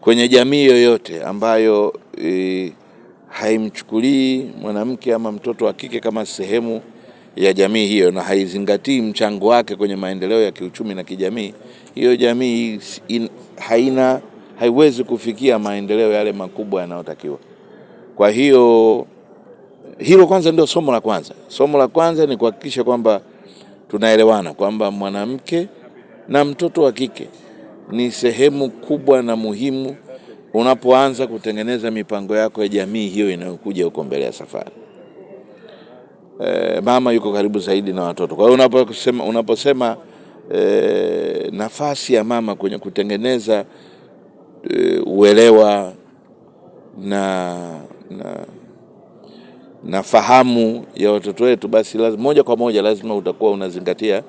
kwenye jamii yoyote ambayo e, haimchukulii mwanamke ama mtoto wa kike kama sehemu ya jamii hiyo na haizingatii mchango wake kwenye maendeleo ya kiuchumi na kijamii, hiyo jamii in, haina haiwezi kufikia maendeleo yale makubwa yanayotakiwa. Kwa hiyo hilo kwanza ndio somo la kwanza. Somo la kwanza ni kuhakikisha kwamba tunaelewana kwamba mwanamke na mtoto wa kike ni sehemu kubwa na muhimu unapoanza kutengeneza mipango yako ya jamii hiyo inayokuja huko mbele ya safari. E, mama yuko karibu zaidi na watoto. Kwa hiyo unaposema, unaposema e, nafasi ya mama kwenye kutengeneza e, uelewa na, na, na fahamu ya watoto wetu, basi lazima, moja kwa moja lazima utakuwa unazingatia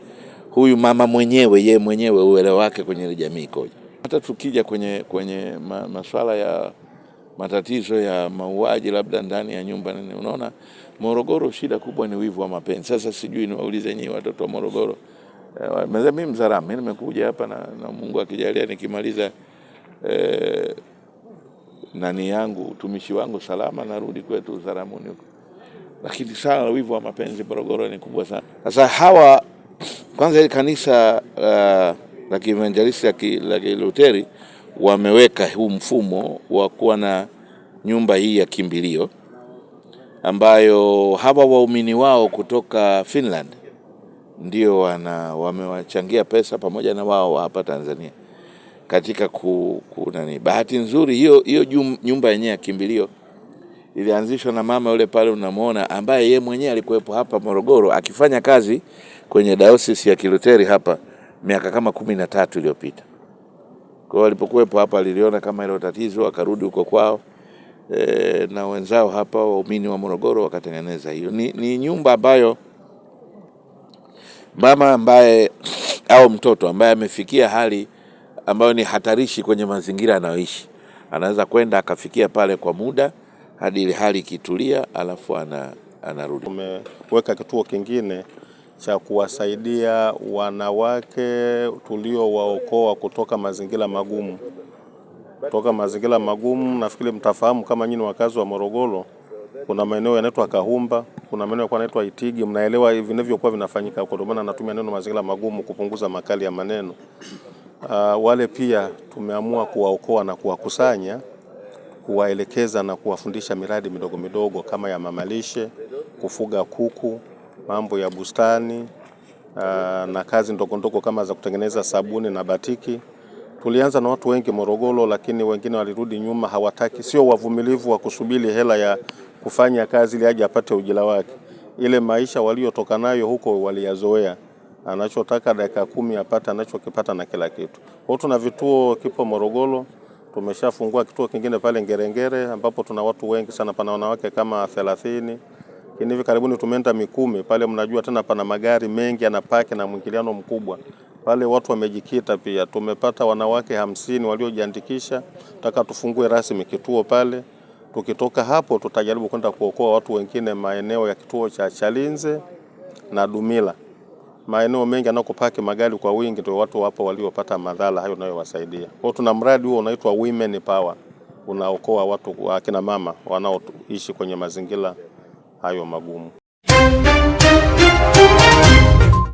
huyu mama mwenyewe ye mwenyewe uelewa wake kwenye jamii ikoje. Hata tukija kwenye, kwenye ma, maswala ya matatizo ya mauaji labda ndani ya nyumba nini, unaona Morogoro shida kubwa ni wivu wa mapenzi. Sasa sijui niwaulize nyinyi watoto wa Morogoro. Eh, mimi Mzaramo, mimi nimekuja hapa na, na Mungu akijalia nikimaliza eh, nani yangu utumishi wangu salama, narudi kwetu Zaramuni huko, lakini sana wivu wa mapenzi Morogoro ni kubwa sana. Sasa hawa kwanza hili kanisa uh, la, la kiinjilisti la Kiluteri wameweka huu mfumo wa kuwa na nyumba hii ya kimbilio ambayo hawa waumini wao kutoka Finland ndio wana wamewachangia pesa pamoja na wao hapa Tanzania katika ku, ku nani. Bahati nzuri hiyo hiyo nyumba yenyewe ya kimbilio ilianzishwa na mama yule pale unamwona, ambaye ye mwenyewe alikuwepo hapa Morogoro akifanya kazi kwenye diocese ya Kiluteri hapa miaka kama kumi na tatu iliyopita. Kwa hiyo alipokuwepo hapa aliliona kama ilo tatizo, akarudi huko kwao e, na wenzao hapa waumini wa Morogoro wakatengeneza hiyo. Ni, ni nyumba ambayo mama ambaye au mtoto ambaye amefikia hali ambayo ni hatarishi kwenye mazingira anayoishi anaweza kwenda akafikia pale kwa muda hadi ile hali ikitulia, alafu ana, anarudi. Umeweka kituo kingine cha kuwasaidia wanawake tuliowaokoa kutoka mazingira magumu kutoka mazingira magumu. Nafikiri mtafahamu kama nyinyi wakazi wa Morogoro, kuna maeneo yanaitwa Kahumba, kuna maeneo yanaitwa Itigi, mnaelewa vinavyokuwa vinafanyika huko. Ndio maana natumia neno mazingira magumu kupunguza makali ya maneno. Uh, wale pia tumeamua kuwaokoa na kuwakusanya kuwaelekeza na kuwafundisha miradi midogo midogo kama ya mamalishe, kufuga kuku, mambo ya bustani ah, na kazi ndogo ndogo kama za kutengeneza sabuni na batiki. Tulianza na watu wengi Morogoro, lakini wengine walirudi nyuma, hawataki, sio wavumilivu wa kusubiri hela ya kufanya kazi ili aje apate ujira wake. Ile maisha waliotoka nayo huko waliyazoea, anachotaka dakika kumi apate anachokipata na kila kitu. Kwa tuna vituo kipo Morogoro. Tumeshafungua kituo kingine pale Ngerengere ambapo tuna watu wengi sana, pana wanawake kama thelathini. Lakini hivi karibuni tumeenda Mikumi pale, mnajua tena pana magari mengi yanapaki na mwingiliano mkubwa pale, watu wamejikita pia. Tumepata wanawake hamsini waliojiandikisha, taka tufungue rasmi kituo pale. Tukitoka hapo, tutajaribu kwenda kuokoa watu wengine maeneo ya kituo cha Chalinze na Dumila maeneo mengi anakopaki magari kwa wingi, ndio watu wapo waliopata madhara hayo unayowasaidia. Kwa hiyo tuna mradi huo unaitwa Women Power, unaokoa watu akina mama wanaoishi kwenye mazingira hayo magumu.